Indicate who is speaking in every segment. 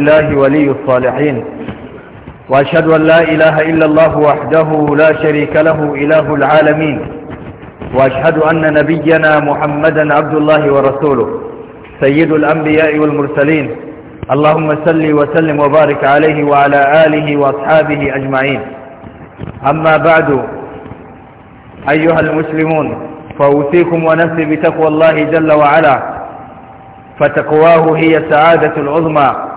Speaker 1: الله ولي الصالحين وأشهد أن لا إله إلا الله وحده لا شريك له إله العالمين وأشهد أن نبينا محمدا عبد الله ورسوله سيد الأنبياء والمرسلين اللهم صل وسلم وبارك عليه وعلى آله وأصحابه أجمعين أما بعد أيها المسلمون فأوصيكم ونفسي بتقوى الله جل وعلا فتقواه هي السعادة العظمى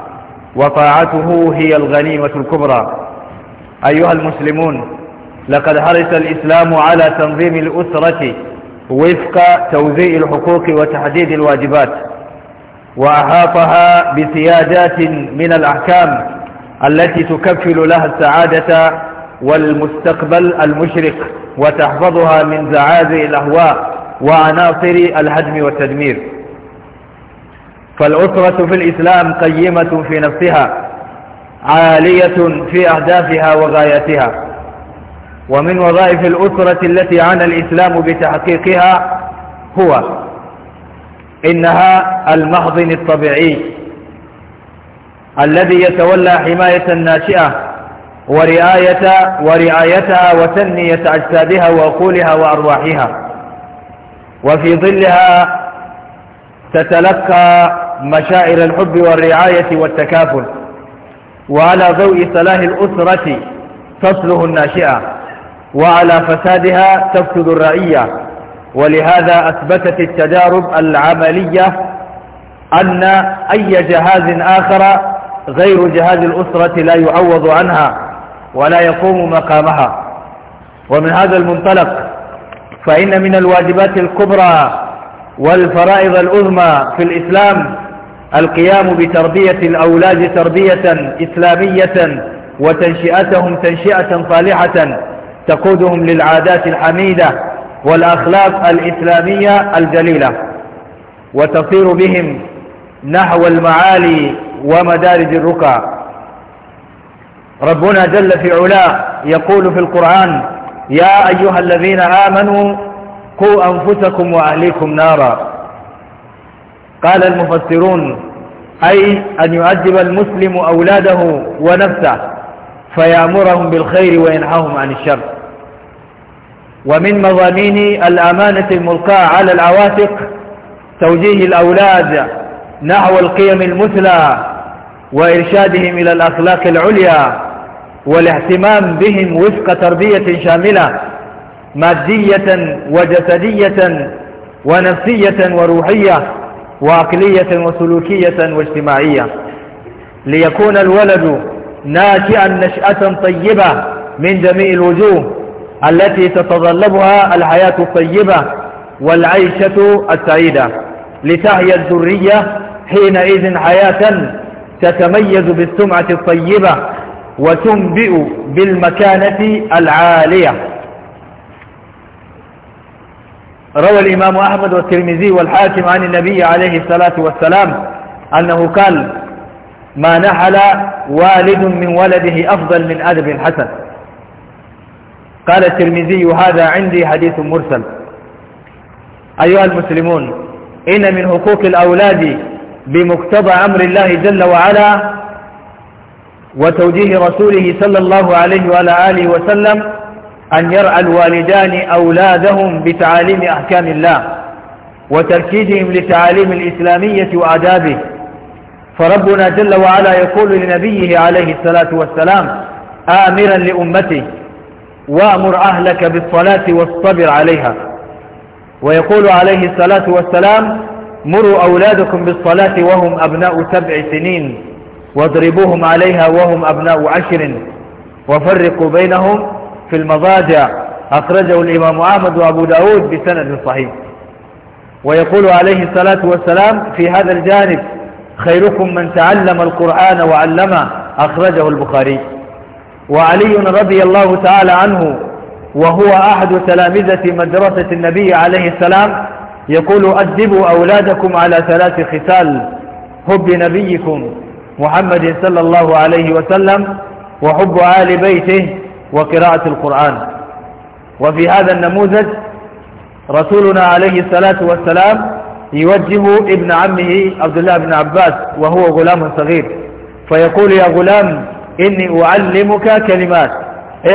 Speaker 1: وطاعته هي الغنيمة الكبرى أيها المسلمون لقد حرص الإسلام على تنظيم الأسرة وفق توزيع الحقوق وتحديد الواجبات وأحاطها بسيادات من الأحكام التي تكفل لها السعادة والمستقبل المشرق وتحفظها من زعازع الأهواء وعناصر الهدم والتدمير فالأسرة في الإسلام قيمة في نفسها عالية في أهدافها وغاياتها ومن وظائف الأسرة التي عنى الإسلام بتحقيقها هو إنها المحضن الطبيعي الذي يتولى حماية الناشئة ورعاية ورعايتها وتنمية أجسادها وأقولها وأرواحها وفي ظلها تتلقى مشاعر الحب والرعاية والتكافل وعلى ضوء صلاح الأسرة تصله الناشئة وعلى فسادها تفسد الرعية ولهذا أثبتت التجارب العملية أن أي جهاز آخر غير جهاز الأسرة لا يعوض عنها ولا يقوم مقامها ومن هذا المنطلق فإن من الواجبات الكبرى والفرائض الأذمى في الإسلام القيام بتربية الأولاد تربية إسلامية وتنشئتهم تنشئة صالحة تقودهم للعادات الحميدة والأخلاق الإسلامية الجليلة وتصير بهم نحو المعالي ومدارج الرقى ربنا جل في علا يقول في القرآن يا أيها الذين آمنوا قوا أنفسكم وأهليكم نارا قال المفسرون أي أن يؤدب المسلم أولاده ونفسه فيأمرهم بالخير وينهاهم عن الشر ومن مضامين الأمانة الملقاة على العواتق توجيه الأولاد نحو القيم المثلى وإرشادهم إلى الأخلاق العليا والاهتمام بهم وفق تربية شاملة مادية وجسدية ونفسية وروحية وعقلية وسلوكية واجتماعية ليكون الولد ناشئا نشأة طيبة من جميع الوجوه التي تتطلبها الحياة الطيبة والعيشة السعيدة لتحيا الذرية حينئذ حياة تتميز بالسمعة الطيبة وتنبئ بالمكانة العالية روى الإمام أحمد والترمذي والحاكم عن النبي عليه الصلاة والسلام أنه قال ما نحل والد من ولده أفضل من أدب حسن قال الترمذي هذا عندي حديث مرسل أيها المسلمون إن من حقوق الأولاد بمقتضى أمر الله جل وعلا وتوجيه رسوله صلى الله عليه وعلى آله وسلم أن يرعى الوالدان أولادهم بتعاليم أحكام الله وتركيزهم لتعاليم الإسلامية وآدابه فربنا جل وعلا يقول لنبيه عليه الصلاة والسلام آمرا لأمته وأمر أهلك بالصلاة واصطبر عليها ويقول عليه الصلاة والسلام مروا أولادكم بالصلاة وهم أبناء سبع سنين واضربوهم عليها وهم أبناء عشر وفرقوا بينهم في المضاجع أخرجه الإمام أحمد وأبو داود بسند صحيح ويقول عليه الصلاة والسلام في هذا الجانب خيركم من تعلم القرآن وعلمه أخرجه البخاري وعلي رضي الله تعالى عنه وهو أحد تلامذة مدرسة النبي عليه السلام يقول أدبوا أولادكم على ثلاث خصال حب نبيكم محمد صلى الله عليه وسلم وحب آل بيته وقراءة القرآن وفي هذا النموذج رسولنا عليه الصلاة والسلام يوجه ابن عمه عبد الله بن عباس وهو غلام صغير فيقول يا غلام إني أعلمك كلمات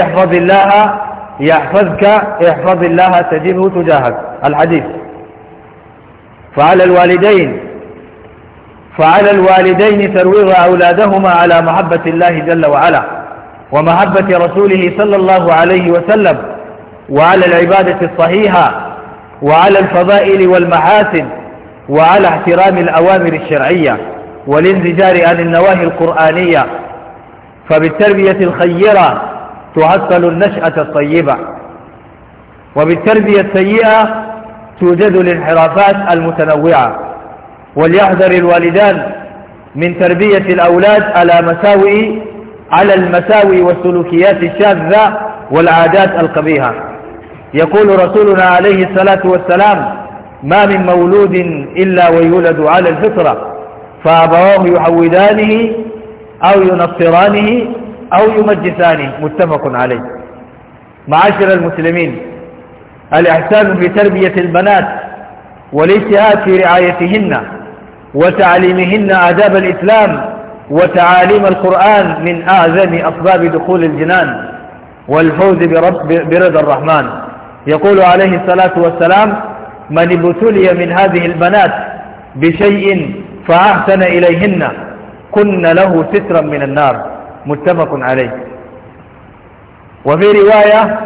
Speaker 1: احفظ الله يحفظك احفظ الله تجده تجاهك الحديث فعلى الوالدين فعلى الوالدين ترويغ أولادهما على محبة الله جل وعلا ومحبة رسوله صلى الله عليه وسلم وعلى العبادة الصحيحة وعلى الفضائل والمحاسن وعلى احترام الأوامر الشرعية والانزجار عن النواهي القرآنية فبالتربية الخيرة تحصل النشأة الطيبة وبالتربية السيئة توجد الانحرافات المتنوعة وليحذر الوالدان من تربية الأولاد على مساوئ على المساوي والسلوكيات الشاذة والعادات القبيحة يقول رسولنا عليه الصلاة والسلام ما من مولود إلا ويولد على الفطرة فأبواه يحودانه أو ينصرانه أو يمجسانه متفق عليه معاشر المسلمين الإحسان في تربية البنات والاجتهاد في رعايتهن وتعليمهن آداب الإسلام وتعاليم القرآن من أعظم أسباب دخول الجنان والفوز برضا الرحمن يقول عليه الصلاة والسلام من ابتلي من هذه البنات بشيء فأحسن إليهن كن له سترا من النار متفق عليه وفي رواية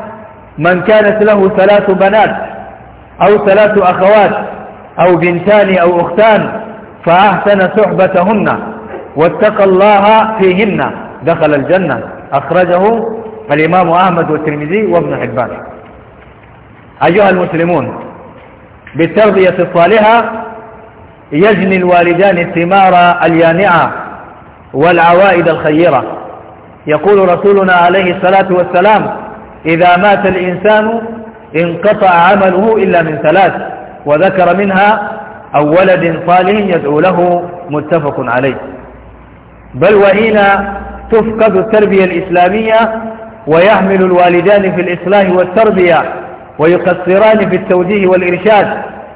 Speaker 1: من كانت له ثلاث بنات أو ثلاث أخوات أو بنتان أو أختان فأحسن صحبتهن واتقى الله فيهن دخل الجنة أخرجه الإمام أحمد والترمذي وابن حبان أيها المسلمون بالتربية الصالحة يجني الوالدان الثمار اليانعة والعوائد الخيرة يقول رسولنا عليه الصلاة والسلام إذا مات الإنسان انقطع عمله إلا من ثلاث وذكر منها أو ولد صالح يدعو له متفق عليه بل وحين تفقد التربية الإسلامية ويحمل الوالدان في الإصلاح والتربية ويقصران في التوجيه والإرشاد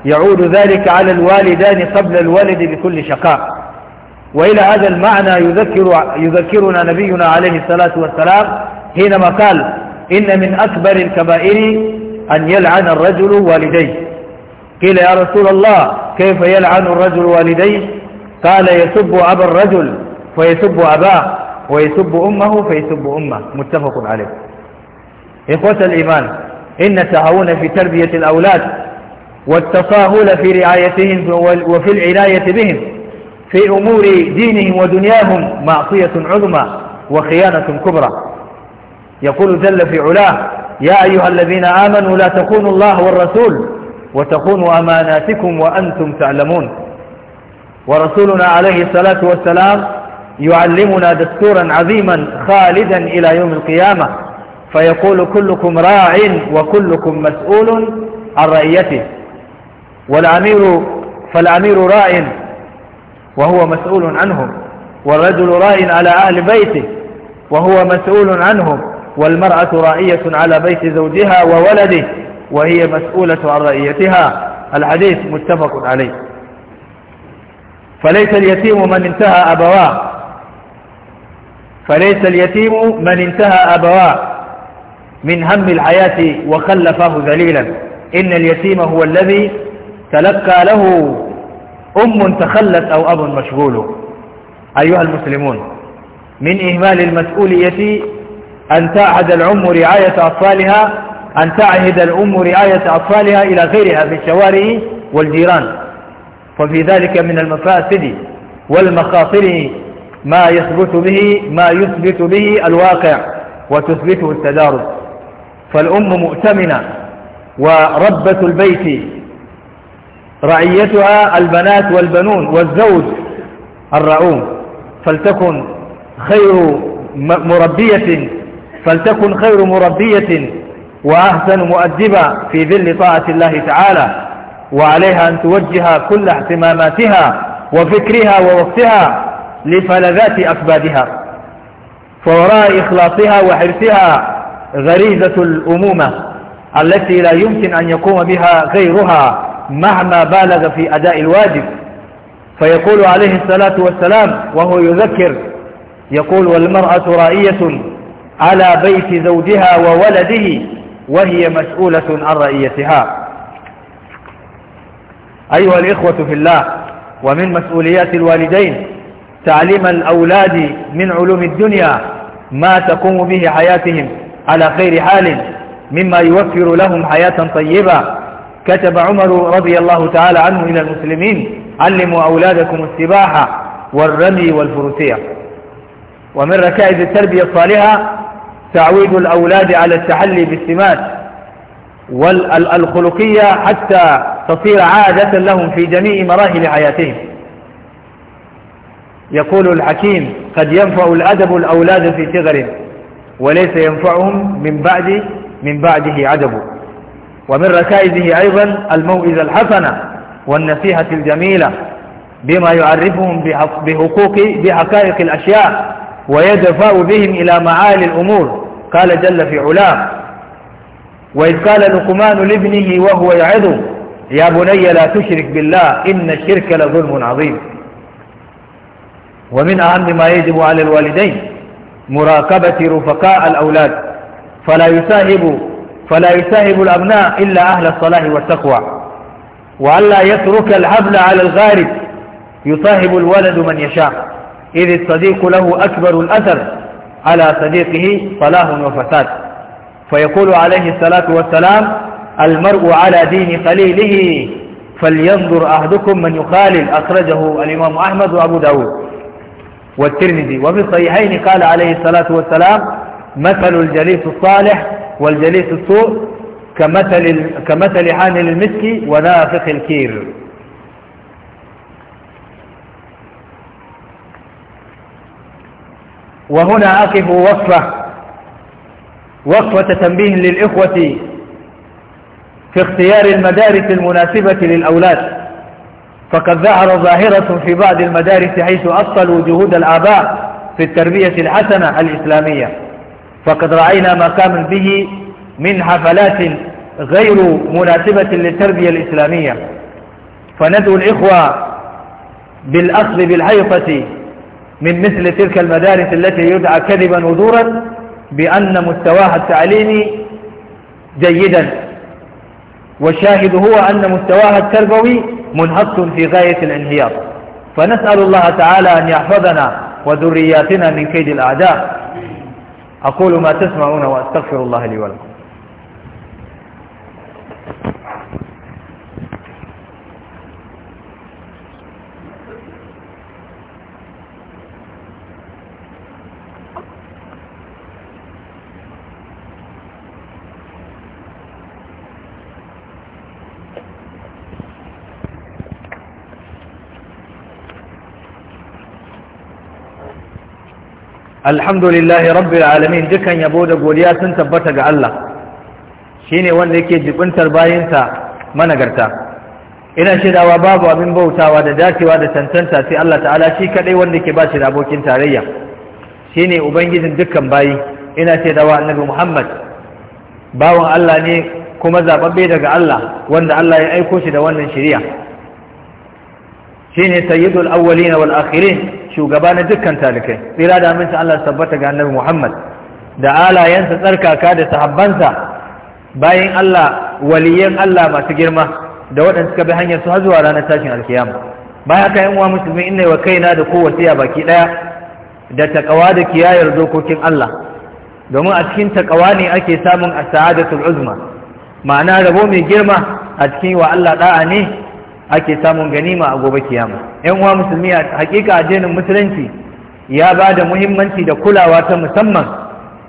Speaker 1: يعود ذلك على الوالدان قبل الولد بكل شقاء وإلى هذا المعنى يذكر يذكرنا نبينا عليه الصلاة والسلام حينما قال إن من أكبر الكبائر أن يلعن الرجل والديه قيل يا رسول الله كيف يلعن الرجل والديه قال يسب أبا الرجل فيسب أباه ويسب أمه فيسب أمه متفق عليه إخوة الإيمان إن التهاون في تربية الأولاد والتصاهل في رعايتهم وفي العناية بهم في أمور دينهم ودنياهم معصية عظمى وخيانة كبرى يقول جل في علاه يا أيها الذين آمنوا لا تخونوا الله والرسول وتخونوا أماناتكم وأنتم تعلمون ورسولنا عليه الصلاة والسلام يعلمنا دستورا عظيما خالدا إلى يوم القيامة فيقول كلكم راع وكلكم مسؤول عن رعيته والأمير فالأمير راع وهو مسؤول عنهم والرجل راع على أهل بيته وهو مسؤول عنهم والمرأة راعية على بيت زوجها وولده وهي مسؤولة عن رعيتها الحديث متفق عليه فليس اليتيم من انتهى أبواه فليس اليتيم من انتهى أبواه من هم الحياة وخلفه ذليلا إن اليتيم هو الذي تلقى له أم تخلت أو أب مشغول أيها المسلمون من إهمال المسؤولية أن تعهد الأم رعاية أطفالها أن تعهد الأم رعاية أطفالها إلى غيرها في الشوارع والجيران وفي ذلك من المفاسد والمخاطر ما يثبت به ما يثبت به الواقع وتثبته التدارس فالأم مؤتمنة وربة البيت رعيتها البنات والبنون والزوج الرعوم فلتكن خير مربية فلتكن خير مربية وأحسن مؤدبة في ذل طاعة الله تعالى وعليها أن توجه كل اهتماماتها وفكرها ووقتها لفلذات أكبادها فوراء إخلاصها وحرصها غريزة الأمومة التي لا يمكن أن يقوم بها غيرها مهما بالغ في أداء الواجب فيقول عليه الصلاة والسلام وهو يذكر يقول والمرأة رائية على بيت زوجها وولده وهي مسؤولة عن رئيتها أيها الإخوة في الله ومن مسؤوليات الوالدين تعليم الأولاد من علوم الدنيا ما تقوم به حياتهم على خير حال مما يوفر لهم حياة طيبة كتب عمر رضي الله تعالى عنه إلى المسلمين علموا أولادكم السباحة والرمي والفروسية ومن ركائز التربية الصالحة تعويد الأولاد على التحلي بالسمات والخلقية حتى تصير عادة لهم في جميع مراحل حياتهم يقول الحكيم قد ينفع الأدب الأولاد في صغر وليس ينفعهم من بعد من بعده عدب ومن ركائزه أيضا الموئذة الحسنة والنصيحة الجميلة بما يعرفهم بحقوق بحقائق الأشياء ويدفع بهم إلى معالي الأمور قال جل في علاه وإذ قال لقمان لابنه وهو يعظه يا بني لا تشرك بالله إن الشرك لظلم عظيم ومن أهم ما يجب على الوالدين مراقبة رفقاء الأولاد فلا يساهب فلا يساهب الأبناء إلا أهل الصلاح والتقوى وألا يترك الحبل على الغارب يصاحب الولد من يشاء إذ الصديق له أكبر الأثر على صديقه صلاح وفساد فيقول عليه الصلاة والسلام المرء على دين خليله فلينظر أحدكم من يخالل أخرجه الإمام أحمد وأبو داود والترمذي وفي الصحيحين قال عليه الصلاة والسلام مثل الجليس الصالح والجليس السوء كمثل, كمثل حامل المسك ونافخ الكير وهنا أقف وصفة وصفة تنبيه للإخوة في اختيار المدارس المناسبة للأولاد فقد ظهر ظاهرة في بعض المدارس حيث أصلوا جهود الآباء في التربية الحسنة الإسلامية فقد رأينا ما قام به من حفلات غير مناسبة للتربية الإسلامية فندعو الإخوة بالأخذ بالحيفة من مثل تلك المدارس التي يدعى كذبا وزورا بأن مستواها التعليمي جيدا والشاهد هو أن مستواها التربوي منهك في غاية الانهيار فنسأل الله تعالى أن يحفظنا وذرياتنا من كيد الأعداء
Speaker 2: أقول ما تسمعون وأستغفر
Speaker 1: الله لي ولكم alhamdulillahi rabbil alamin dukan yabo da godiya sun tabbata ga Allah shine wanda yake jibintar bayinsa managarta ina shaidawa babu abin bautawa da dacewa da tantanta sai Allah ta'ala shi kadai wanda yake bashi da abokin tarayya shine ubangijin dukkan bayi ina shaidawa annabi Muhammad bawan Allah ne kuma zababbe daga Allah wanda Allah ya aiko shi da wannan shari'a shine sayyidul awwalin wal akhirin shugaba na dukkan talikai tsira da aminci Allah tabbata ga annabi Muhammad da alayensa tsarkaka da sahabbansa bayan Allah waliyan Allah masu girma da waɗanda suka bi hanyar su har zuwa ranar tashin alkiyama bayan haka yan uwa musulmi inna wa kaina da kowace baki daya da takawa da kiyayar dokokin Allah domin a cikin takawa ne ake samun as-sa'adatul uzma ma'ana rabo mai girma a cikin wa Allah da'a ne ake samun ganima a gobe kiyama yan uwa musulmi a hakika addinin musulunci ya ba da muhimmanci da kulawa ta musamman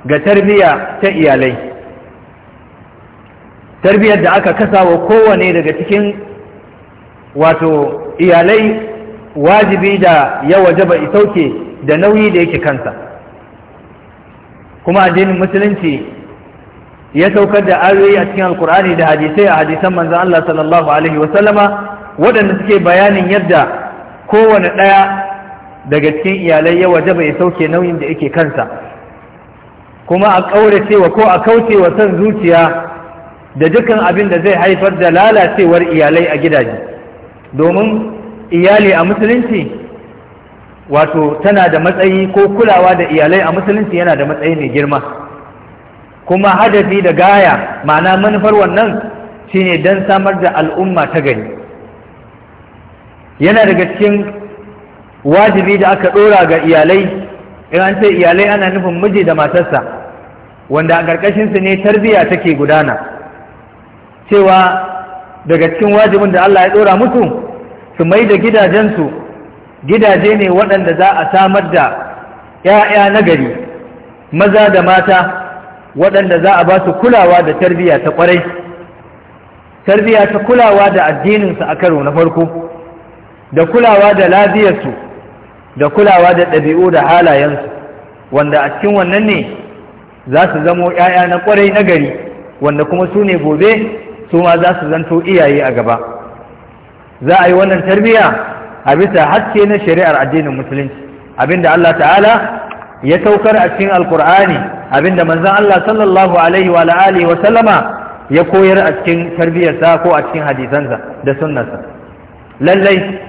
Speaker 1: ga tarbiyya ta iyalai tarbiyyar da aka kasa wa kowane daga cikin wato iyalai wajibi da ya waje wajaba isauke da nauyi da yake kansa kuma addinin musulunci ya saukar da ayoyi a cikin alkur'ani da hadisai a hadisan manzon Allah sallallahu alaihi sallama waɗanda suke bayanin yadda kowane ɗaya daga cikin iyalai ya waje ya sauke nauyin da yake kansa kuma a ƙauracewa ko a kaucewa son zuciya da dukkan abin da zai haifar da lalacewar iyalai a gidaje domin iyali a musulunci wato tana da matsayi ko kulawa da iyalai a musulunci yana da matsayi mai girma kuma hadafi da gaya ma'ana manufar wannan shine don samar da al'umma ta gari yana daga cikin wajibi da aka ɗora ga iyalai in an ce iyalai ana nufin miji da matarsa wanda a ƙarƙashinsu ne tarbiyya take gudana cewa daga cikin wajibin da Allah ya ɗora musu su mai da gidajensu gidaje ne waɗanda za a samar da ‘ya'ya nagari, maza da mata waɗanda za a ba su kulawa da tarbiyya ta ƙwarai tarbiyya ta kulawa da addininsu a karo na farko da kulawa da lafiyarsu da kulawa da ɗabi'u da halayensu wanda a cikin wannan ne za su zamo 'ya'ya na ƙwarai na gari wanda kuma su ne gobe su ma za su zanto iyaye a gaba za a yi wannan tarbiyya a bisa haske na shari'ar addinin musulunci abinda Allah ta'ala ya saukar a cikin alkur'ani abinda manzon Allah sallallahu alaihi wa alihi wa sallama ya koyar a cikin tarbiyarsa ko a cikin hadisansa da sunnarsa lallai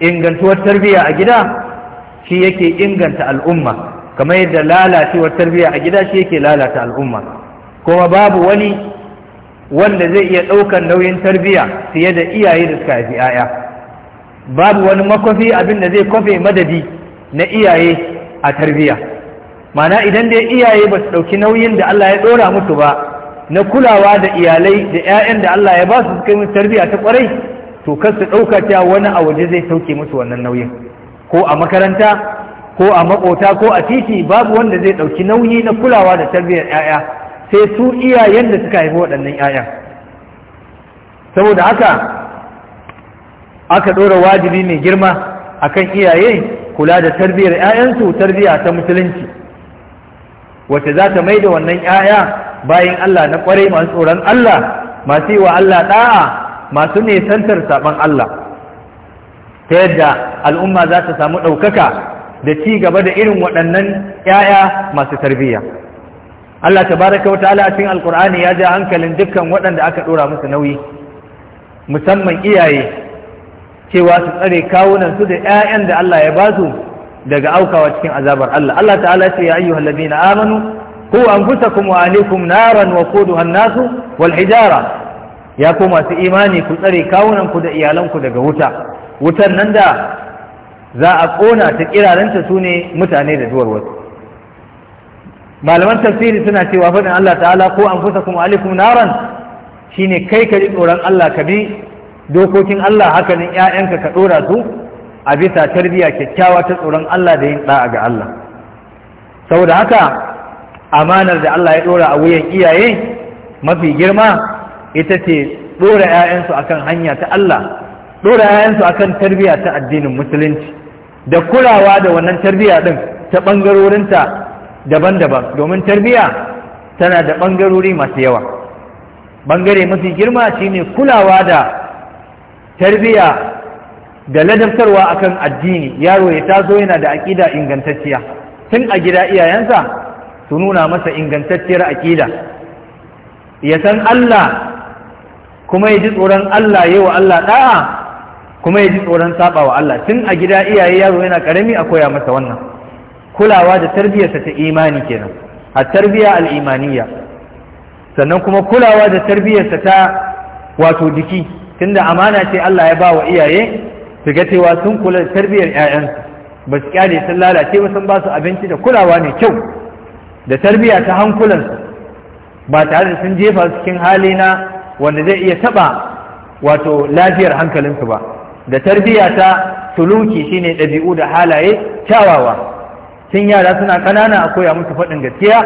Speaker 1: ingantuwar tarbiyya a gida shi yake inganta al'umma kamar yadda lalacewar tarbiyya a gida shi yake lalata al'umma kuma babu wani wanda zai iya ɗaukar nauyin tarbiyya fiye da iyaye da suka haifi 'ya'ya babu wani makwafi abin da zai kwafe madadi na iyaye a tarbiyya mana idan dai iyaye ba su ɗauki nauyin da Allah ya ɗora musu ba na kulawa da iyalai da 'ya'yan da Allah ya ba su suka yi tarbiyya ta kwarai to kar su ɗauka cewa wani a waje zai sauke musu wannan nauyin ko a makaranta ko a makota ko a titi babu wanda zai ɗauki nauyi na kulawa da tarbiyyar 'ya'ya sai su iyayen da suka haifi waɗannan 'ya'yan saboda haka aka ɗora wajibi mai girma akan iyaye kula da tarbiyyar 'ya'yansu tarbiyya ta musulunci Wace za ta mai da wannan 'ya'ya bayan Allah na kwarai masu tsoron Allah masu yi wa Allah ɗa'a masu santar saɓon Allah ta yadda al'umma za ta samu ɗaukaka da ci gaba da irin waɗannan 'ya'ya masu tarbiyya Allah Ta wa ta'ala a cikin alkur'ani ya ja hankalin dukkan waɗanda aka ɗora musu nauyi musamman iyaye cewa su tsare kawunan su da 'ya'yan da Allah ya ba su daga aukawa cikin azabar Allah Allah ta'ala ce ya ayyuhal ladina amanu ku anfusakum wa alaikum naran wa quduha nasu wal hijara ya ku masu imani ku tsare kawunan ku da iyalan ku daga wuta wutan nan da za a kona ta kiraranta sune mutane da duwar wasu malaman tafsiri suna cewa faɗin Allah ta'ala ko anfusakum wa alaikum naran shine kai ka ji tsoron Allah ka bi dokokin Allah hakanin ƴaƴanka ka dora su a bisa tarbiyya kyakkyawa ta tsoron Allah da yin da'a ga Allah saboda haka amanar da Allah ya ɗora a wuyan iyaye mafi girma ita ce ɗora 'ya'yansu akan hanya ta Allah ɗora 'ya'yansu akan tarbiyya ta addinin musulunci da kulawa da wannan tarbiyya din ta ɓangarorinta daban-daban domin tarbiyya tana da ɓangarori masu yawa bangare mafi girma shine kulawa da tarbiyya da ladabtarwa akan addini yaro ya tazo yana da aƙida ingantacciya tun a gida iyayensa su nuna masa ingantacciyar aƙida ya san Allah kuma ya ji tsoron Allah yi wa Allah da'a kuma ya ji tsoron sabawa wa Allah tun a gida iyaye yaro yana ƙarami a koya masa wannan kulawa da tarbiyarsa ta imani kenan a al al'imaniya sannan kuma kulawa da tarbiyarsa ta wato diki tunda amana ce Allah ya ba wa iyaye su ga cewa sun kula da tarbiyyar 'ya'yansu ba su kyale sun lalace ba sun ba su abinci da kulawa ne kyau da tarbiyya ta hankulansu ba tare da sun jefa su cikin hali na wanda zai iya taɓa wato lafiyar hankalinsu ba da tarbiyya ta suluki shine ɗabi'u da halaye kyawawa tun yara suna ƙanana a koya musu faɗin gaskiya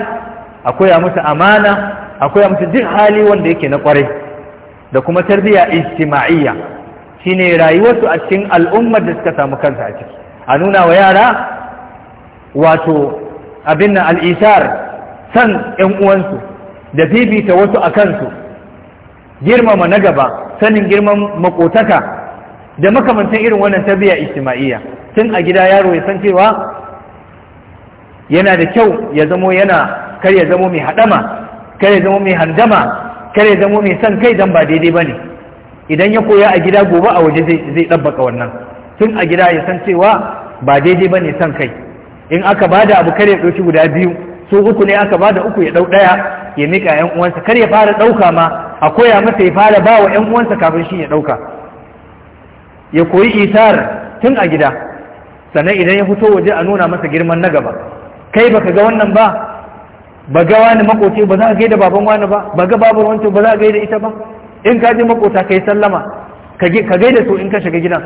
Speaker 1: a koya musu amana a koya musu duk hali wanda yake na ƙwarai da kuma tarbiyya ijtima'iyya shine rayuwarsu a cikin al'ummar da suka samu kansa a ciki a nuna wa yara wato abin na al'isar san ‘yan uwansu da fifita wasu a kansu girmama na gaba sanin girman makotaka da makamantan irin wannan tabiya ijtima'iyya tun a gida yaro ya san cewa yana da kyau ya zamo yana kar ya zamo mai haɗama kar ya zamo mai handama kar ya zamo mai san kai dan ba daidai ba ne idan ya koya a gida gobe a waje zai ɗabbaka wannan tun a gida ya san cewa ba daidai ba ne san kai in aka ba da abu kar ya ɗauki guda biyu su uku ne aka ba da uku ya ɗau ɗaya ya mika ‘yan uwansa kar ya fara ɗauka ma a koya masa ya fara ba wa ‘yan uwansa kafin shi ya ɗauka ya koyi isar tun a gida sannan idan ya fito waje a nuna masa girman na gaba kai baka ga wannan ba ba ga wani makoci ba za a gaida baban wani ba ba ga babar wancan ba za a gaida ita ba in ka je makota ka yi sallama ka gaida su in ka shiga gidan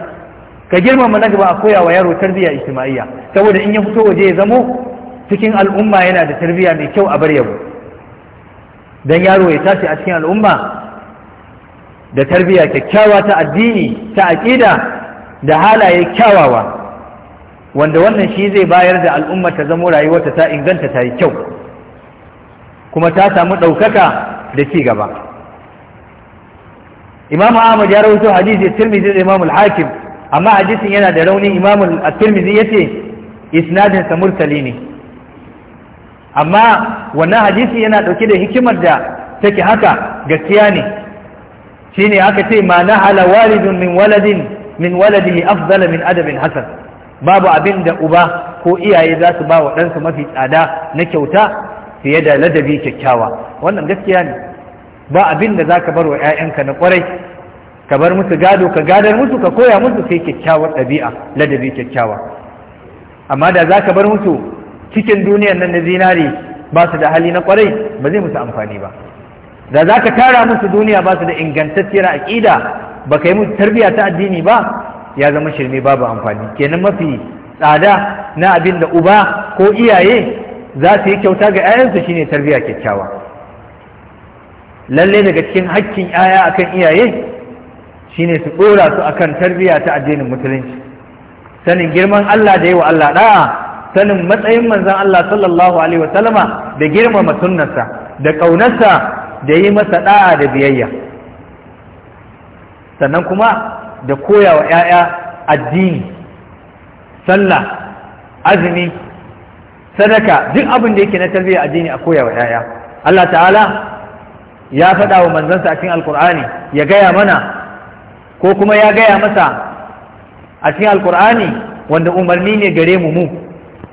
Speaker 1: ka girmama na gaba a koya wa yaro tarbiyya ijtima'iyya saboda in ya fito waje ya zamo cikin al'umma yana da tarbiyya mai kyau a bar yabo dan yaro ya tashi a cikin al'umma da tarbiyya kyakkyawa ta addini ta aqida da halaye kyawawa wanda wannan shi zai bayar da al'umma ta zamo rayuwarta ta inganta ta yi kyau kuma ta samu ɗaukaka da ci gaba imamu ahmad ya rawaito hadisi tirmidhi da imamu al-hakim amma hadisin yana da rauni imamu at-tirmidhi yace isnadin sa mursali ne amma wannan hadisi yana dauke da hikimar da take haka gaskiya ne shine aka ce ma nahala walidun min waladin min waladihi afdala min adabin hasan babu abin da uba ko iyaye za su ba wa ɗansu mafi tsada na kyauta fiye da ladabi kyakkyawa wannan gaskiya ne ba abin da ka bar wa 'ya'yanka na kwarai ka bar musu gado ka gadar musu ka koya musu sai kyakkyawar ɗabi'a ladabi kyakkyawa amma da za ka bar musu cikin duniyar nan na zinari ba su da hali na kwarai ba zai musu amfani ba da za ka tara musu duniya ba su da ingantacciyar aƙida ba ka yi musu tarbiyya ta addini ba ya zama shirme babu amfani kenan mafi tsada na abin da uba ko iyaye za su yi kyauta ga 'ya'yansu ne tarbiyya kyakkyawa lalle daga cikin hakkin yaya akan iyaye shine su dora su akan tarbiyya ta addinin musulunci sanin girman Allah da yawa Allah da'a sanin matsayin manzon Allah sallallahu alaihi wasallama da girmama sunnarsa da ƙaunarsa da yi masa da'a da biyayya sannan kuma da koyawa yaya addini sallah azumi sadaka duk abin da yake na tarbiyya addini a koyawa yaya Allah ta'ala ya faɗa wa manzansa a cikin alkur'ani ya gaya mana ko kuma ya gaya masa a cikin alkur'ani wanda umarni ne gare mu mu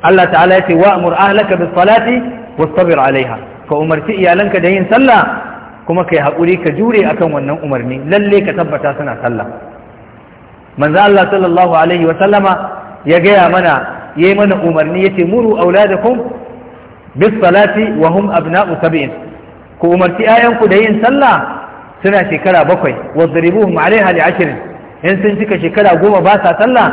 Speaker 1: Allah ta'ala ya ce wa amur ahlaka bis salati wastabir alaiha ka umarci iyalanka da yin sallah kuma kai haƙuri ka jure akan wannan umarni lalle ka tabbata suna sallah manzo Allah sallallahu alaihi wa sallama ya gaya mana yayi mana umarni yace muru auladakum bis salati wa hum abna'u sab'in ku umarci 'ya'yanku da yin sallah suna shekara bakwai wadribuhum alaiha li ashirin, 'yan sun cika shekara goma ba sa sallah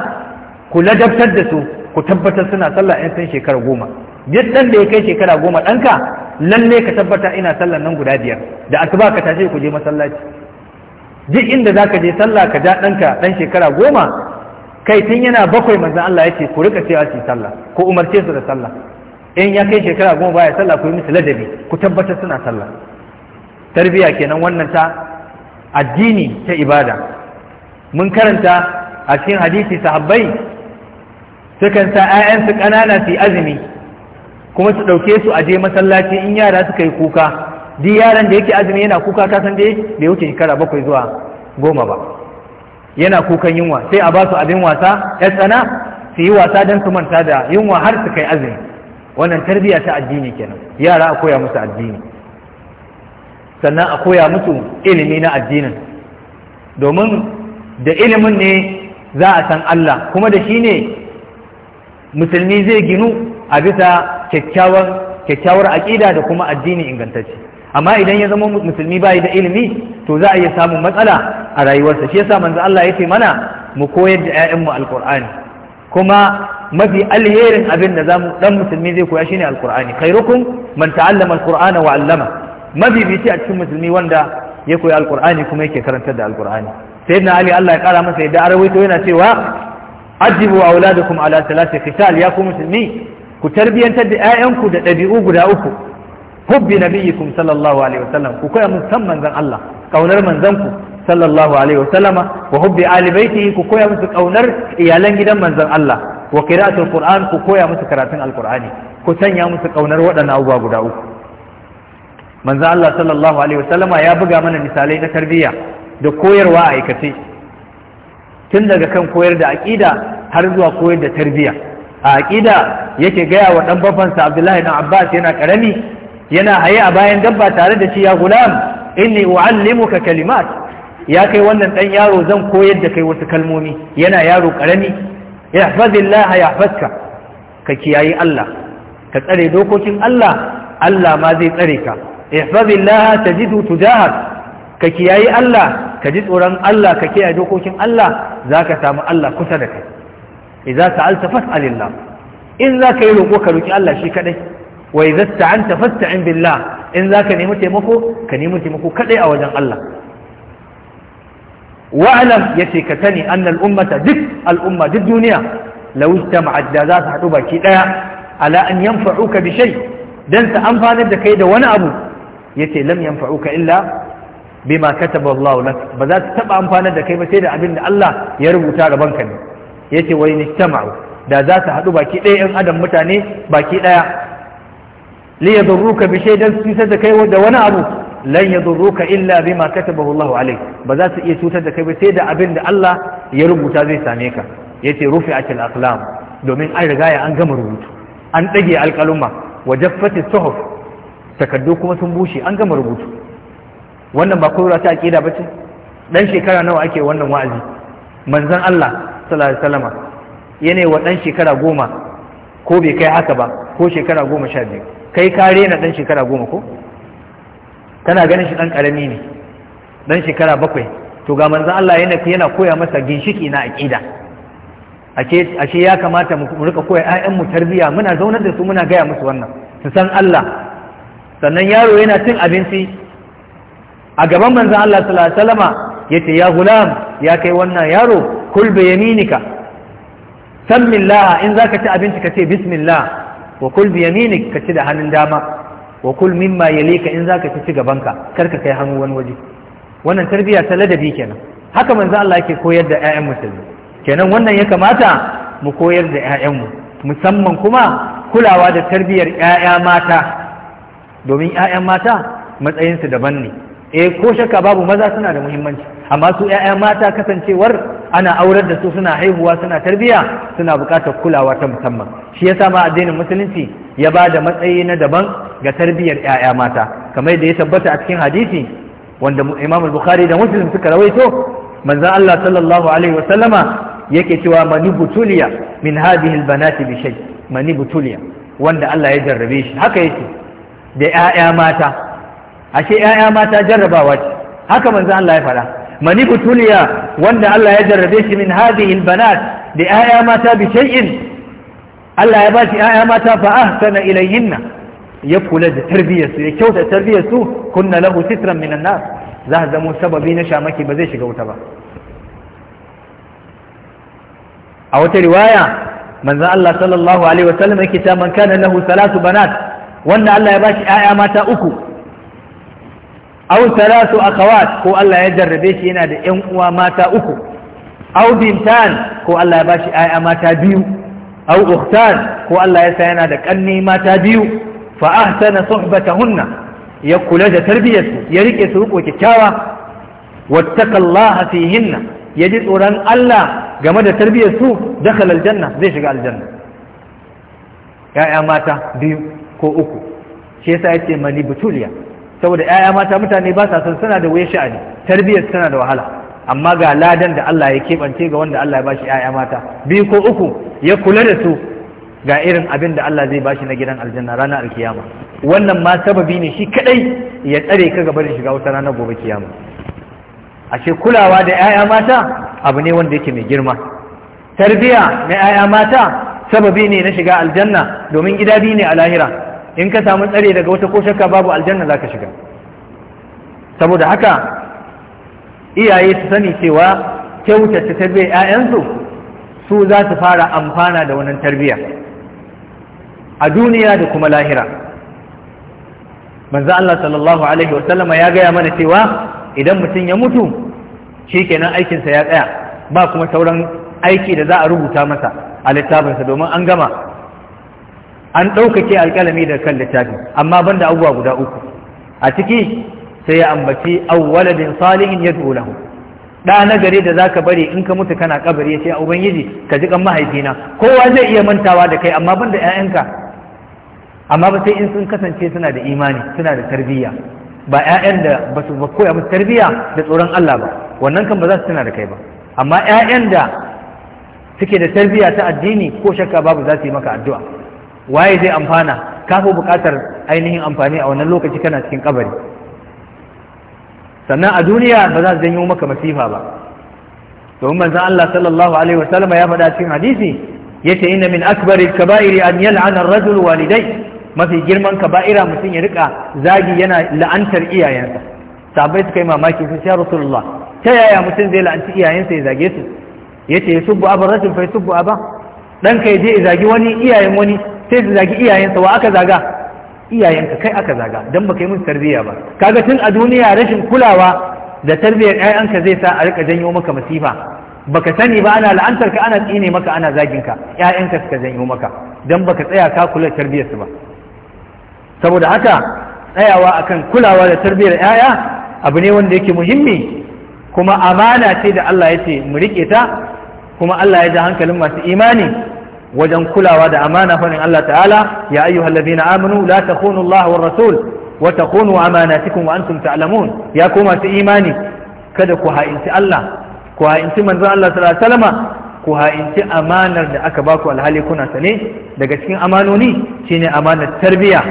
Speaker 1: ku ladabtar da su ku tabbatar suna sallah 'yan sun shekara goma duk da ya kai shekara goma ɗanka lalle ka tabbata ina sallah nan guda biyar da asuba ka tashi ku je masallaci duk inda za ka je sallah ka ja ɗanka ɗan shekara goma kai tun yana bakwai manzon Allah ya ce ku rika cewa su sallah ku umarce su da sallah in ya kai shekara goma baya sallah ku yi musu ladabi ku tabbatar suna sallah tarbiya kenan wannan ta addini ta ibada mun karanta a cikin hadisi sahabbai sukan sa su ƙanana su azumi kuma su ɗauke su a je masallaci in yara suka yi kuka duk yaran da yake azumi yana kuka ka san dai bai wuce shekara bakwai zuwa goma ba yana kukan yunwa sai a ba su abin wasa ya tsana su yi wasa don su manta da yunwa har su kai azumi wannan tarbiyya ta addini kenan yara a koya musu addini sannan a koya musu ilimi na addinin domin da ilimin ne za a san Allah kuma da shi ne musulmi zai ginu a bisa kyakkyawar aƙida da kuma addini ingantacce amma idan ya zama musulmi bai da ilimi to za a iya samun matsala a rayuwarsa shi yasa manzo Allah ya ce mana mu koyar da 'ya'yanmu alkur'ani kuma mafi alherin abin da zamu dan musulmi zai koya shine alqur'ani khairukum man ta'allama alqur'ana wa 'allama mafi bici a cikin musulmi wanda ya koyi alqur'ani kuma yake karantar da alqur'ani sayyidina ali Allah ya kara masa yadda arwaito yana cewa ajibu auladakum ala thalathi qital ya ku musulmi ku tarbiyantar da ƴaƴanku da ɗabi'u guda uku hubbi nabiyyikum sallallahu alaihi wasallam ku koya musamman zan Allah kaunar ku? sallallahu alaihi wasallama wa hubbi ali baitihi ku koya musu kaunar iyalan gidan manzon Allah wa qira'atul qur'an ku koya musu karatun alqur'ani ku sanya musu kaunar waɗannan abubuwa guda uku manzon Allah sallallahu alaihi wasallama ya buga mana misalai na tarbiyya da koyarwa a aikace tun daga kan koyar da aqida har zuwa koyar da tarbiyya a aqida yake gaya wa dan babansa Abdullahi ibn Abbas yana karami yana haye a bayan dabba tare da shi ya gulam inni uallimuka kalimat ya kai wannan dan yaro zan koyar da kai wasu kalmomi yana yaro karami yahfazillah yahfazka ka kiyayi Allah ka tsare dokokin Allah Allah ma zai tsare ka ihfazillah tajidu tujahak ka kiyayi Allah ka ji tsoron Allah ka kiyaye dokokin Allah zaka samu Allah kusa da kai idza sa'alta fas'alillah in zaka yi roƙo ka roki Allah shi kadai wa idza ta'anta fasta'in billah in zaka nemi taimako ka nemi taimako kadai a wajen Allah wa'alam yace ka sani annal ummata duk al'umma duk duniya law istama'at da za su haɗu baki ɗaya ala an yanfa'uka bi shay dan ta amfanar da kai da wani abu Ya ce lam yan yanfa'uka illa bima kataba Allah lak ba za ta taɓa amfanar da kai ba sai da abin da Allah ya rubuta gaban ka ne yace wa in istama'u da za su haɗu baki ɗaya yan adam mutane baki ɗaya Liya yadurruka bi shay dan su da kai da wani abu lan yadurruka illa bima katabahu Allahu alayk ba za su iya cutar da kai ba sai da abin da Allah ya rubuta zai same ka yace rufi'atil aqlam domin an riga ya an gama rubutu an dage alqaluma wa jaffati suhuf takaddu kuma sun bushe an gama rubutu wannan ba koyarwa ta aqida bace dan shekara nawa ake wannan wa'azi manzon Allah sallallahu alaihi wasallama yana wa dan shekara goma ko bai kai haka ba ko shekara goma sha biyu kai ka rena dan shekara goma ko kana ganin shi dan karami ne dan shekara bakwai to ga manzon Allah yana yana koya masa ginshiki na aqida ashe ashe ya kamata mu rika koya 'ya'yan mu tarbiya muna zaunar da su muna gaya musu wannan su san Allah sannan yaro yana cin abinci a gaban manzon Allah sallallahu alaihi wasallama yace ya gulam ya kai wannan yaro kul bi yaminika sammi in zaka ci abinci ka ce bismillah wa kul bi yaminik ka ci da hannun dama wa kul mimma yalika in zaka ci gabanka kar ka kai hannu wani waje wannan tarbiyya ta ladabi kenan haka manzo Allah yake koyar da ƴaƴan musulmi kenan wannan ya kamata mu koyar da mu musamman kuma kulawa da tarbiyyar ƴaƴa mata domin ƴaƴan mata matsayinsu daban ne eh ko shakka babu maza suna da muhimmanci amma su ƴaƴa mata kasancewar ana aurar da su suna haihuwa suna tarbiyya suna buƙatar kulawa ta musamman shi yasa ma addinin musulunci ya ba da matsayi na daban ga tarbiyyar 'ya'ya mata kamar da ya tabbata a cikin hadisi wanda imam bukhari da muslim suka rawaito manzan Allah sallallahu alaihi wasallama yake cewa mani butuliya min hadhihi albanati bi shay mani butuliya wanda Allah ya jarrabe shi haka yake da 'ya'ya mata ashe 'ya'ya mata jarrabawa ce haka manzan Allah ya faɗa mani butuliya wanda Allah ya jarrabe shi min hadhihi albanat da 'ya'ya mata bi shay'in Allah ya bashi ‘ya'ya mata fa ahsana ilayhinna ya kula da tarbiyyarsu ya kyauta tarbiyyarsu kunna lahu sitran minan nas za a zamo sababi na shamaki ba zai shiga wuta ba a wata riwaya manzon Allah sallallahu alaihi wasallam yake ta man kana lahu salatu banat wanda Allah ya bashi ‘ya'ya mata uku aw salatu akhawat ko Allah ya jarrabe shi yana da ‘yan uwa mata uku aw bintan ko Allah ya bashi ‘ya'ya mata biyu aw ukhtan ko Allah ya sa yana da kanne mata biyu fa bata hunna. ya kula da tarbiyarsu ya rike su riko kyakkyawa wattaqallaha fihinna ya ji tsoron Allah game da tarbiyarsu dakhala aljanna zai shiga aljanna ya'ya mata biyu ko uku shi yasa yace mani butuliya saboda ya'ya mata mutane ba sa san suna da waye sha'ani tarbiyar tana da wahala amma ga ladan da Allah ya keɓance ga wanda Allah ya bashi ‘ya'ya mata biyu ko uku ya kula da su ga irin abin da Allah zai bashi na gidan aljanna ranar alkiyama wannan ma sababi ne shi kadai ya tsare ka gaba da shiga wata ranar gobe kiyama ce kulawa da ‘ya'ya mata abu ne wanda yake mai girma tarbiya na ‘ya'ya mata sababi ne na shiga aljanna domin gida biyu ne a lahira in ka samu tsare daga wata ko shakka babu aljanna za ka shiga saboda haka iyaye su sani cewa kyautata tarbiyyar 'ya'yansu su za su fara amfana da wannan tarbiyya a duniya da kuma lahira manzo Allah sallallahu alaihi wa sallama ya gaya mana cewa idan mutum ya mutu shikenan aikinsa ya tsaya ba kuma sauran aiki da za a rubuta masa a littafinsa domin an gama an ɗaukake alƙalami da kan littafi amma banda abubuwa guda uku a ciki sai ya ambaci awwaladin salihin ya lahu da na gare da zaka bari in ka mutu kana kabari ya ce ubangiji ka ji kan mahaifina kowa zai iya mantawa da kai amma ban da ƴaƴanka amma ba sai in sun kasance suna da imani suna da tarbiyya ba ƴaƴan da ba su ba koya musu tarbiyya da tsoron Allah ba wannan kan ba za su tuna da kai ba amma ƴaƴan da suke da tarbiyya ta addini ko shakka babu za su yi maka addu'a waye zai amfana kafi bukatar buƙatar ainihin amfani a wannan lokaci kana cikin kabari sannan a duniya ba za su janyo maka masifa ba domin manzon Allah sallallahu alaihi wasallam ya faɗa cikin hadisi yace inna min akbaril kaba'iri an yal'ana ar-rajulu walidai mafi girman kaba'ira mutum ya rika zagi yana la'antar iyayensa sabai suka yi mamaki su ya rasulullah ta yaya mutum zai la'anci iyayensa ya zage su yace yasubbu abar rajul fa yasubbu aba dan kai je ya zagi wani iyayen wani sai su zagi iyayensa wa aka zaga iyayenka kai aka zaga don baka yi musu tarbiyya ba kaga tun a duniya rashin kulawa da tarbiyyar ƴaƴanka zai sa a rika janyo maka masifa baka sani ba ana la'antar ka ana tsine maka ana zagin ka ƴaƴanka suka janyo maka don baka tsaya ka kula tarbiyyar su ba saboda haka tsayawa akan kulawa da tarbiyyar ƴaƴa abu ne wanda yake muhimmi kuma amana ce da Allah ya ce mu rike ta kuma Allah ya ji hankalin masu imani wajen kulawa da amana faɗin Allah ta'ala ya ayyuhal ladina amanu la takhunu Allah war rasul wa takhunu amanatikum wa antum ta'lamun ya koma masu imani kada ku ha'inci Allah ku ha'inci manzon Allah sallallahu alaihi ku ha'inci amanar da aka baku alhali kuna sane daga cikin amanoni shine amanar tarbiya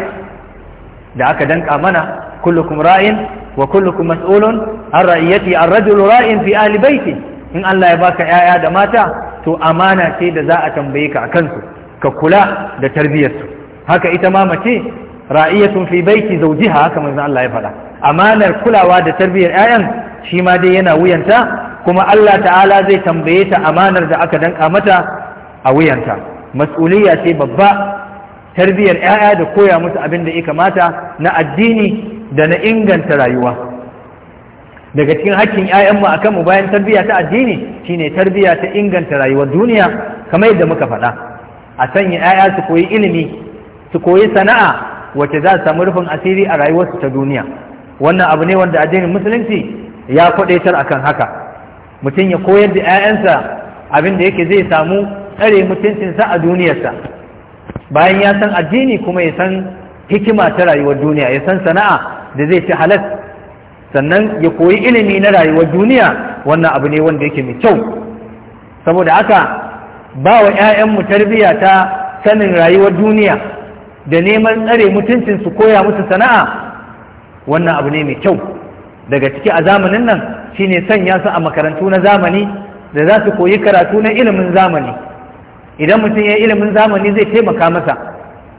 Speaker 1: da aka danka mana kullukum ra'in wa kullukum mas'ulun an ra'iyati ar-rajulu ra'in fi ahli in Allah ya baka yaya da mata to amana ce da za a tambaye ka a kansu ka kula da tarbiyyarsu haka ita ma mace ra'iyatun fi baiti zawjiha haka manzo Allah ya faɗa amanar kulawa da tarbiyyar 'ya'yan shi ma dai yana wuyanta kuma Allah ta'ala zai tambaye ta amanar da aka danka mata a wuyanta mas'uliyya ce babba tarbiyyar 'ya'ya da koya musu abin da ya kamata na addini da na inganta rayuwa daga cikin hakkin 'ya'yanmu a kanmu bayan tarbiyya ta addini shine tarbiyya ta inganta rayuwar duniya kamar yadda muka faɗa a sanya 'ya'ya su koyi ilimi su koyi sana'a wacce za su samu rufin asiri a rayuwarsu ta duniya wannan abu ne wanda addinin musulunci ya a akan haka mutum ya koyar da 'ya'yansa abin da yake zai samu tsare mutuncinsa a duniyarsa bayan ya san addini kuma ya san hikima ta rayuwar duniya ya san sana'a da zai ci halas sannan ya koyi ilimi na rayuwar duniya wannan abu ne wanda yake mai kyau saboda haka ba wa 'ya'yanmu tarbiyya ta sanin rayuwar duniya da neman tsare mutuncin su koya musu sana'a wannan abu ne mai kyau daga ciki a zamanin nan shi ne sanya su a makarantu na zamani da za su koyi karatu na ilimin zamani idan mutum ya yi ilimin zamani zai taimaka masa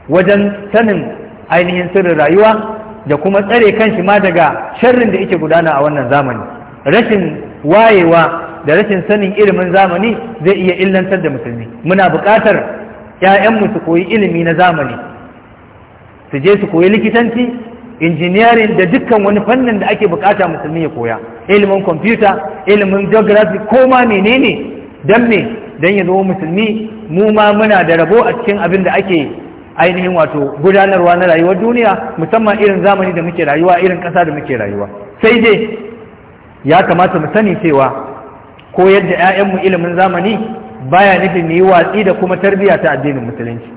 Speaker 1: wajen sanin ainihin sirrin rayuwa da kuma tsare kanshi ma daga sharrin da yake gudana a wannan zamani rashin wayewa da rashin sanin ilimin zamani zai iya illantar da musulmi muna buƙatar ‘ya'yanmu su koyi ilimi na zamani su je su koyi likitanci injiniyarin da dukkan wani fannin da ake buƙata musulmi ya koya ilimin kwamfuta ilimin geography ko ma menene don me don ya zama musulmi mu ma muna da rabo a cikin abin da ake ainihin wato gudanarwa na rayuwar duniya musamman irin zamani da muke rayuwa irin ƙasa da muke rayuwa sai dai ya kamata mu sani cewa ko yadda 'ya'yanmu ilimin zamani baya nufin mu yi watsi da kuma tarbiyya ta addinin musulunci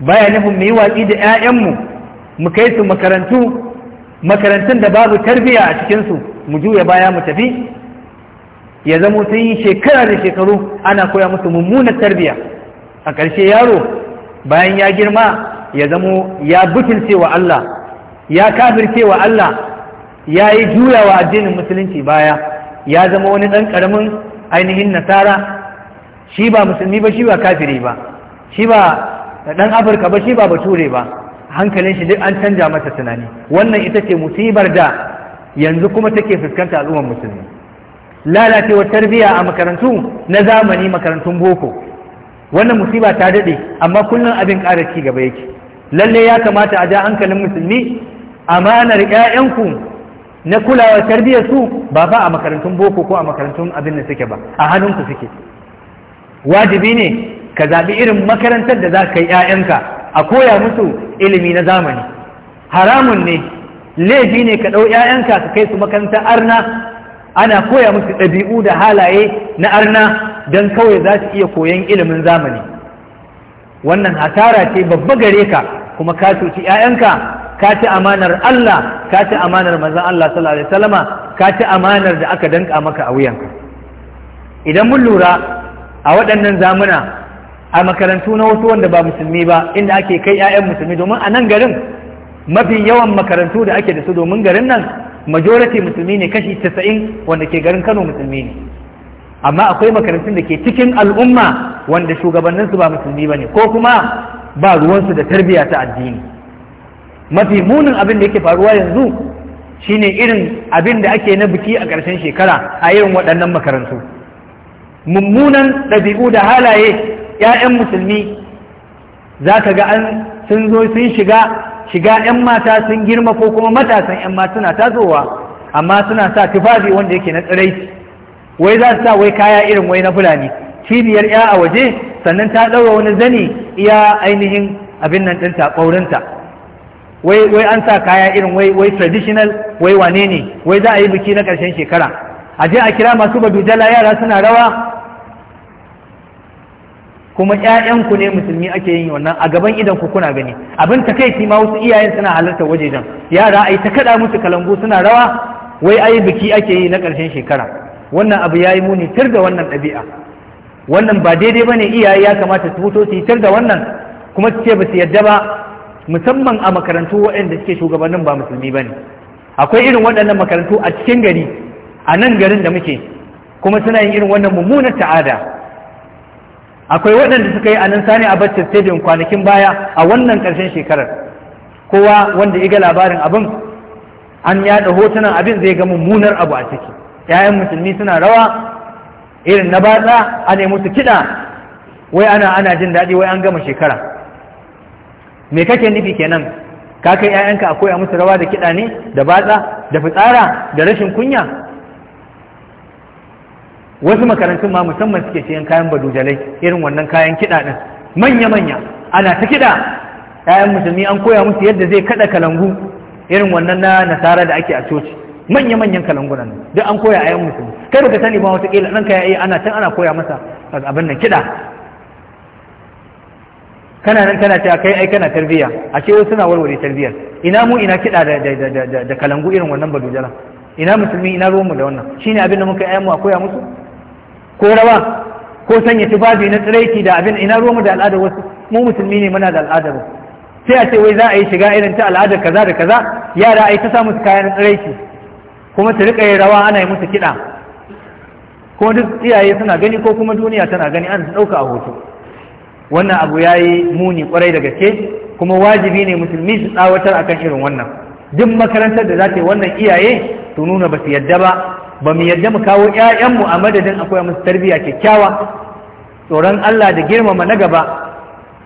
Speaker 1: baya nufin mu yi watsi da 'ya'yanmu mu kai su makarantu makarantun da babu tarbiyya a cikinsu mu juya baya mu tafi ya zamo sun yi shekara da shekaru ana koya musu mummunar tarbiyya a ƙarshe yaro bayan ya girma ya zamo ya butulce wa Allah ya kafirce wa Allah ya yi juyawa addinin musulunci baya ya zama wani ɗan ƙaramin ainihin nasara shi ba musulmi ba shi ba kafiri ba shi ba ɗan afirka ba shi ba bature ba hankalin shi duk an canja masa tunani wannan ita ce musibar da yanzu kuma take fuskanta al'ummar musulmi lalacewar tarbiyya a makarantu na zamani makarantun boko wannan musiba ta daɗe amma kullum abin ƙara ci gaba yake lalle ya kamata a ja hankalin musulmi amanar 'ya'yanku na kulawa tarbiyyar su ba fa a makarantun boko ko a makarantun abin da suke ba a hannunku suke wajibi ne ka zaɓi irin makarantar da za ka yi 'ya'yanka a koya musu ilimi na zamani haramun ne laifi ne ka ɗau ƴaƴanka ka kai su makarantar arna ana koya musu ɗabi'u da halaye na arna don kawai za su iya koyon ilimin zamani wannan hasara ce babba gare ka kuma ka cuci 'ya'yanka ka ci amanar Allah ka ci amanar manzon Allah sallallahu alaihi wasallama ka ci amanar da aka danka maka a wuyanka idan mun lura a waɗannan zamuna a makarantu na wasu wanda ba musulmi ba inda ake kai 'ya'yan musulmi domin a nan garin mafi yawan makarantu da ake da su domin garin nan majority musulmi ne kashi 90 wanda ke garin Kano musulmi ne amma akwai makarantun da ke cikin al'umma wanda shugabanninsu ba musulmi ba ne ko kuma ba ruwansu da tarbiyya ta addini mafi munin abin da yake faruwa yanzu shine irin abin da ake na biki a ƙarshen shekara a irin waɗannan makarantu mummunan ɗabi'u da halaye 'ya'yan musulmi za ka ga an sun zo sun shiga shiga 'yan mata sun girma ko kuma matasan 'yan mata suna tasowa amma suna sa tufafi wanda yake na tsiraici wai za su sa wai kaya irin wai na fulani cibiyar ya a waje sannan ta ɗaura wani zani iya ainihin abin nan ɗinta ɓaurinta wai wai an sa kaya irin wai wai traditional wai wane ne wai za a yi biki na ƙarshen shekara a je a kira masu badujala yara suna rawa kuma ƴaƴanku ne musulmi ake yin wannan a gaban idan ku kuna gani abin takaici ma wasu iyayen suna halarta wajejen yara ai ta kada musu kalangu suna rawa wai ai biki ake yi na ƙarshen shekara wannan abu ya yi muni tur da wannan ɗabi'a wannan ba daidai ba ne iyaye ya kamata su fito su yi tur da wannan kuma su ce ba su yadda ba musamman a makarantu waɗanda suke shugabannin ba musulmi ba ne. akwai irin waɗannan makarantu a cikin gari a nan garin da muke kuma suna yin irin wannan mummunar ta'ada akwai waɗanda suka yi a nan sani a bacci stadium kwanakin baya a wannan ƙarshen shekarar kowa wanda ya ga labarin abin an yaɗa hotunan abin zai ga mummunar abu a ciki 'ya'yan musulmi suna rawa irin na batsa a ne musu kiɗa wai ana ana jin daɗi wai an gama shekara me kake nufi kenan ka kai 'ya'yanka a koya musu rawa da kiɗa ne da batsa da fitsara da rashin kunya wasu makarantun ma musamman suke siyan kayan badujalai irin wannan kayan kiɗa ɗin manya-manya ana ta kiɗa ‘ya'yan musulmi an koya musu yadda zai kaɗa kalangu irin wannan na nasara da ake a coci manya-manyan kalangunan duk an koya a yan musulmi kai baka sani ba wata watakila ɗanka ya iya ana can ana koya masa abin nan kiɗa kana nan kana ta kai ai kana tarbiyya a ce suna warware tarbiyyar ina mu ina kiɗa da kalangu irin wannan badujala ina musulmi ina ruwanmu da wannan shine abin da muka yi mu a koya musu ko rawa ko sanya tufafi na tsiraiki da abin ina ruwanmu da al'adar wasu mu musulmi ne muna da al'adar sai a ce wai za a yi shiga irin ta al'adar kaza da kaza yara a yi ta samu kayan tsiraiki kuma ta riƙa yin rawa ana yi musu kiɗa kuma duk iyaye suna gani ko kuma duniya tana gani an ɗauka a hoto wannan abu ya yi muni kwarai da gaske kuma wajibi ne musulmi su tsawatar akan irin wannan duk makarantar da za ta yi wannan iyaye su nuna ba su yadda ba ba mu yadda mu kawo 'ya'yanmu a madadin akwai musu tarbiyya kyakkyawa tsoron Allah da girmama na gaba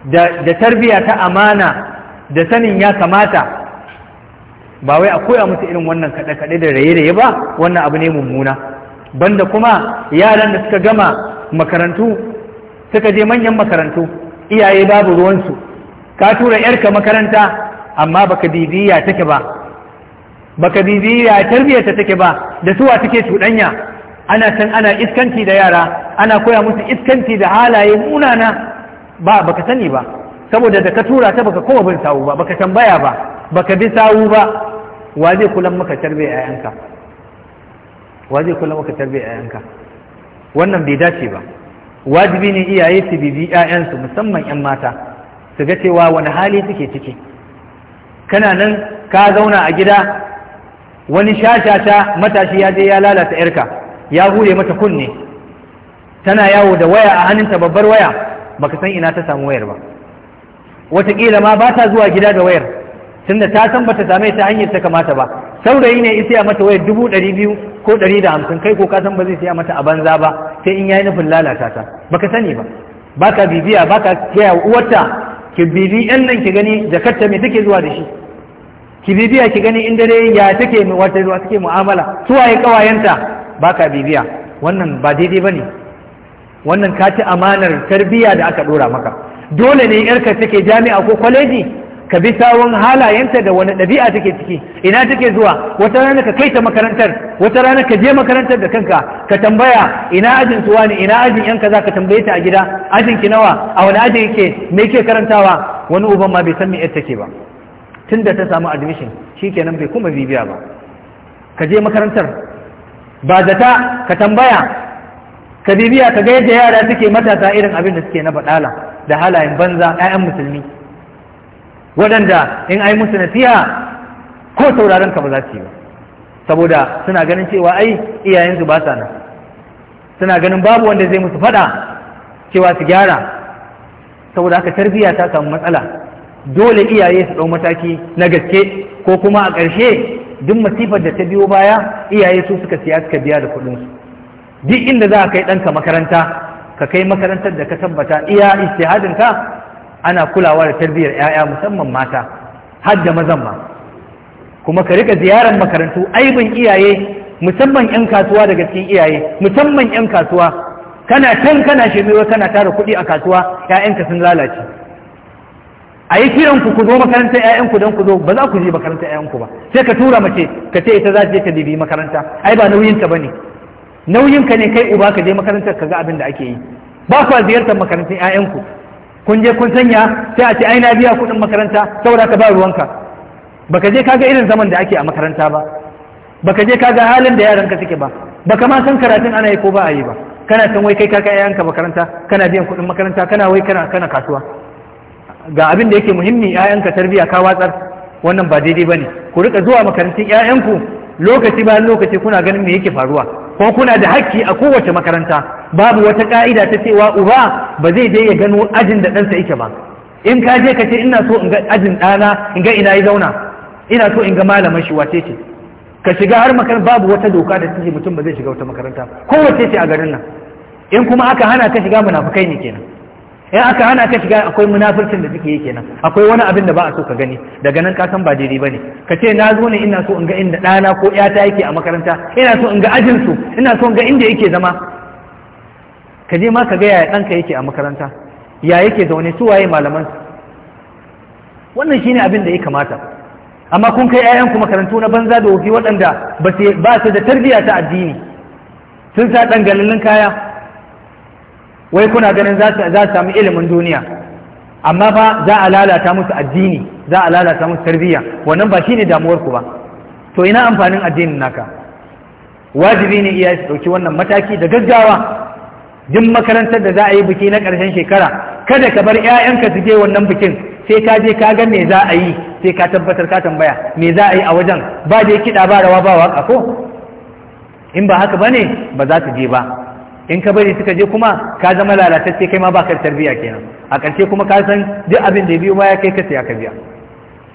Speaker 1: da tarbiyya ta amana da sanin ya kamata ba wai a koya musu irin wannan kaɗe-kaɗe da raye-raye ba wannan abu ne mummuna banda kuma yaran da suka gama makarantu suka je manyan makarantu iyaye babu ruwansu ka tura yarka makaranta amma baka bibiya take ba baka bibiya tarbiyyarta take ba da suwa take cuɗanya ana can ana iskanci da yara ana koya musu iskanci da halaye munana ba baka sani ba saboda da ka tura ta baka koma bin sawu ba baka tambaya ba baka bi sawu ba wa zai kula maka tarbe yayanka wa kula maka tarbe wannan bai dace ba wajibi ne iyaye su bibi yayansu musamman yan mata su ga cewa wani hali suke ciki kana nan ka zauna a gida wani shashasha matashi ya je ya lalata yarka ya hure mata kunne tana yawo da waya a hannunta babbar waya baka san ina ta samu wayar ba wataƙila ma ba ta zuwa gida da wayar tunda ta san bata same ta hanyar ta kamata ba saurayi ne isiya mata wayar dubu ɗari biyu ko ɗari da hamsin kai ko kasan ba zai siya mata a banza ba sai in yayi nufin lalata ta baka sani ba baka bibiya baka gaya uwarta ki bibi yan nan ki gani jakarta me take zuwa da shi ki bibiya ki gani in dare ya take wata zuwa take mu'amala su waye kawayenta baka bibiya wannan ba daidai bane wannan ka ci amanar tarbiya da aka ɗora maka dole ne yarka take jami'a ko kwaleji ka bi sawun halayenta da wani ɗabi'a take ciki ina take zuwa wata rana ka kai ta makarantar wata rana ka je makarantar da kanka ka tambaya ina ajin suwa ne ina ajin yanka za ka tambaye ta a gida ajin ki nawa a wani aji yake me ke karantawa wani uban ma bai san me yadda take ba tunda ta samu admission shikenan bai kuma bibiya ba ka je makarantar ba zata ka tambaya ka bibiya ka ga yadda yara suke matasa irin abin da suke na badala da halayen banza 'ya'yan musulmi waɗanda in ai musu nasiha ko sauraron ka ba za su yi ba saboda suna ganin cewa ai iyayensu ba sa nan suna ganin babu wanda zai musu faɗa cewa su gyara saboda haka tarbiyya ta samu matsala dole iyaye su ɗau mataki na gaske ko kuma a ƙarshe duk masifar da ta biyo baya iyaye su suka siya suka biya da kuɗin su duk inda za a kai ɗanka makaranta ka kai makarantar da ka tabbata iya istihadinka ana kulawa da tarbiyyar 'ya'ya musamman mata har da mazan ma kuma ka rika ziyarar makarantu aibin iyaye musamman 'yan kasuwa daga cikin iyaye musamman 'yan kasuwa kana can kana shemewa kana tara kuɗi a kasuwa 'ya'yanka sun lalace a yi kiran ku ku zo makarantar 'ya'yanku don ku zo ba za ku je makarantar 'ya'yanku ba sai ka tura mace ka ce ita za ta je ta bibi makaranta ai ba nauyinta ba ne nauyinka ne kai uba ka je makarantar ka ga abin da ake yi ba ku ziyartar makarantar 'ya'yanku kun je kun sanya sai a ce aina biya kuɗin makaranta saboda ka ba ruwanka baka je kaga irin zaman da ake a makaranta ba baka je kaga halin da yaranka suke ba baka ma san karatun ana yi ko ba a yi ba kana san wai kai ka yayanka makaranta kana biyan kuɗin makaranta kana wai kana kana kasuwa ga abin da yake muhimmi yayanka tarbiyya ka watsar wannan ba daidai bane ku rika zuwa makarantun yayanku lokaci bayan lokaci kuna ganin me yake faruwa ko kuna da hakki a kowace makaranta babu wata ka'ida ta cewa uba ba zai je ya gano ajin da ɗansa yake ba in ka je ka ce ina so in ga ajin ɗana in ga ina ya zauna ina so in ga malamin shi wace ce ka shiga har makaranta babu wata doka da take mutum ba zai shiga wata makaranta kowace ce a garin nan in kuma aka hana ka shiga munafukai ne kenan in aka hana ka shiga akwai munafircin da suke yake nan akwai wani abin da ba a so ka gani daga nan ka san ba daidai bane ka ce na zo ne ina so in ga inda ɗana ko ƴata yake a makaranta ina so in ga ajin su ina so in ga inda yake zama ka je ma ka ga yaya ɗanka yake a makaranta ya yake zaune su waye malaman su wannan shine abin da ya kamata amma kun kai ƴaƴan ku makarantu na banza da wofi waɗanda ba su da tarbiyya ta addini sun sa ɗan galilin kaya wai kuna ganin za su samu ilimin duniya amma fa za a lalata musu addini za a lalata musu tarbiyya wannan ba ne damuwar ku ba to ina amfanin addinin naka wajibi ne iya su dauki wannan mataki da gaggawa duk makarantar da za a yi biki na karshen shekara kada ka bar ƴaƴanka su je wannan bikin sai ka je ka ga me za a yi sai ka tabbatar ka tambaya me za a yi a wajen ba dai kiɗa ba rawa ba waƙa ko in ba haka bane ba za su je ba in ka bari suka je kuma ka zama lalatacce kai ma baka tarbiya kenan a ƙarshe kuma ka san duk abin da biyu baya kai ka siya ka biya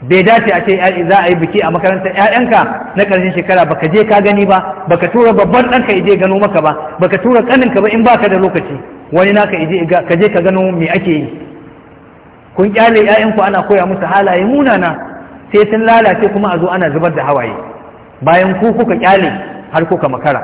Speaker 1: bai dace a ce za a yi biki a makarantar ƴaƴanka na ƙarshen shekara baka je ka gani ba baka tura babban ɗan ka je gano maka ba baka tura ka ba in baka da lokaci wani na ka je ka gano me ake yi kun kyale ƴaƴanku ana koya musu halaye munana sai sun lalace kuma a zo ana zubar da hawaye bayan ku kuka kyale har kuka makara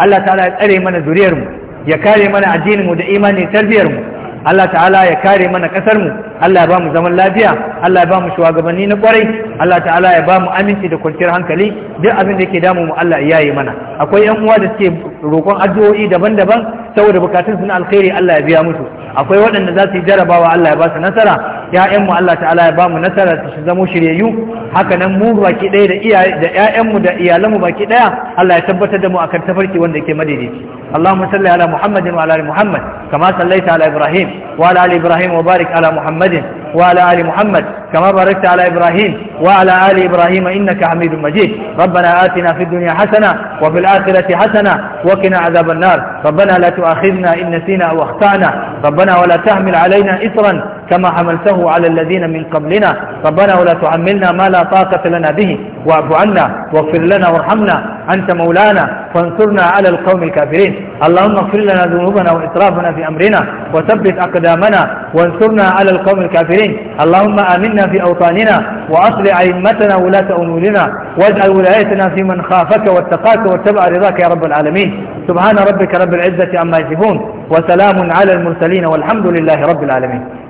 Speaker 1: Allah ta'ala ya tsare mana zuriyarmu ya kare mana addinin mu da imani tarbiyar mu Allah ta'ala ya kare mana kasar mu Allah ya ba mu zaman lafiya Allah ya ba mu shugabanni na kwarai Allah ta'ala ya ba mu aminci da kwanciyar hankali duk abin da yake damu mu Allah ya yi mana akwai yan uwa da suke roƙon addu'o'i daban-daban saboda bukatun su na alkhairi Allah ya biya musu akwai waɗanda za su yi jarabawa Allah ya ba su nasara ya'yanmu Allah ta'ala ya bamu nasara su zama shiryayyu haka nan mu baki ɗaya da iyaye da da iyalanmu baki ɗaya Allah ya tabbatar da mu akan tafarki wanda yake madaidaici Allahumma salli ala Muhammadin wa ala ali Muhammad kama sallaita ala Ibrahim wa ala ali Ibrahim wa barik ala Muhammadin وعلى آل محمد كما باركت على إبراهيم وعلى آل إبراهيم إنك حميد مجيد ربنا آتنا في الدنيا حسنة وفي الآخرة حسنة وقنا عذاب النار ربنا لا تؤاخذنا إن نسينا أو أخطأنا ربنا ولا تحمل علينا إصرا كما حملته على الذين من قبلنا ربنا ولا تعملنا ما لا طاقة لنا به واعف عنا واغفر لنا وارحمنا أنت مولانا فانصرنا على القوم الكافرين اللهم اغفر لنا ذنوبنا وإسرافنا في أمرنا وثبت أقدامنا وانصرنا على القوم الكافرين الخيرين اللهم آمنا في أوطاننا وأصل أئمتنا ولاة أمورنا واجعل ولايتنا في من خافك واتقاك واتبع رضاك يا رب العالمين سبحان ربك رب العزة عما يصفون وسلام على المرسلين والحمد لله رب العالمين